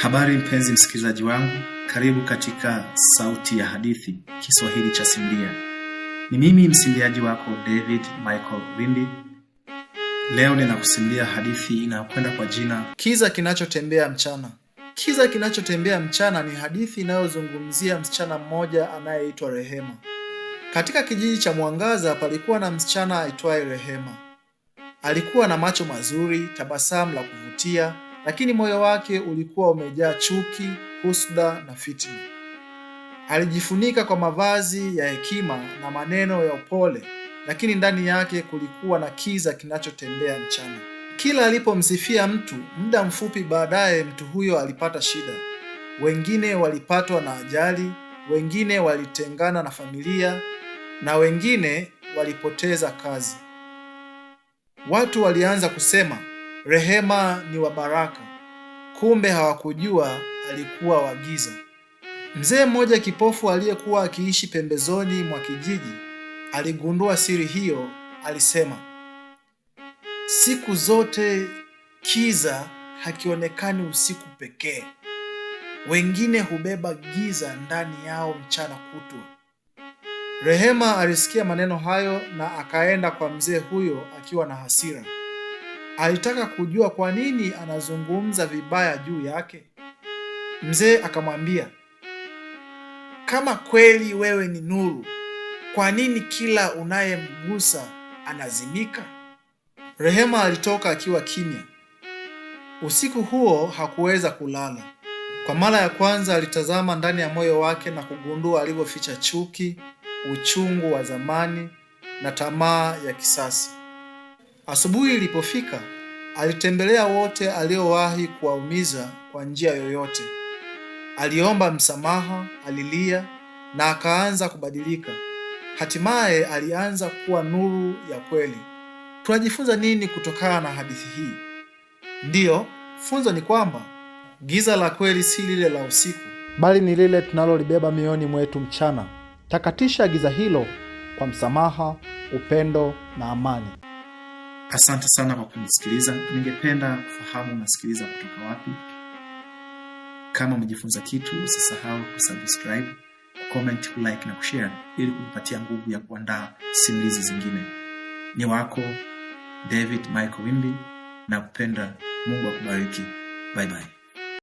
Habari mpenzi msikilizaji wangu, karibu katika Sauti ya Hadithi Kiswahili cha Simbia. Ni mimi msimbiaji wako David Michael Windi. Leo ninakusimbia hadithi inayokwenda kwa jina Kiza Kinachotembea Mchana. Kiza Kinachotembea Mchana ni hadithi inayozungumzia msichana mmoja anayeitwa Rehema. Katika kijiji cha Mwangaza palikuwa na msichana aitwaye Rehema. Alikuwa na macho mazuri, tabasamu la kuvutia lakini moyo wake ulikuwa umejaa chuki, husda na fitina. Alijifunika kwa mavazi ya hekima na maneno ya upole, lakini ndani yake kulikuwa na kiza kinachotembea mchana. Kila alipomsifia mtu, muda mfupi baadaye mtu huyo alipata shida. Wengine walipatwa na ajali, wengine walitengana na familia, na wengine walipoteza kazi. Watu walianza kusema Rehema ni wa baraka, kumbe hawakujua alikuwa wa giza. Mzee mmoja kipofu aliyekuwa akiishi pembezoni mwa kijiji aligundua siri hiyo. Alisema, siku zote kiza hakionekani usiku pekee, wengine hubeba giza ndani yao mchana kutwa. Rehema alisikia maneno hayo na akaenda kwa mzee huyo akiwa na hasira alitaka kujua kwa nini anazungumza vibaya juu yake. Mzee akamwambia, kama kweli wewe ni nuru, kwa nini kila unayemgusa anazimika? Rehema alitoka akiwa kimya. Usiku huo hakuweza kulala. Kwa mara ya kwanza alitazama ndani ya moyo wake na kugundua alivyoficha chuki, uchungu wa zamani na tamaa ya kisasi. Asubuhi ilipofika, alitembelea wote aliowahi kuwaumiza kwa njia yoyote. Aliomba msamaha, alilia na akaanza kubadilika. Hatimaye alianza kuwa nuru ya kweli. Tunajifunza nini kutokana na hadithi hii? Ndiyo, funzo ni kwamba giza la kweli si lile la usiku, bali ni lile tunalolibeba mioyoni mwetu mchana. Takatisha giza hilo kwa msamaha, upendo na amani. Asante sana kwa kunisikiliza. Ningependa kufahamu unasikiliza kutoka wapi. Kama umejifunza kitu, usisahau kusubscribe, kucomment, kulike na kushare ili kujipatia nguvu ya kuandaa simulizi zingine. Ni wako David Michael Wimbi na kupenda. Mungu akubariki. Bye bye.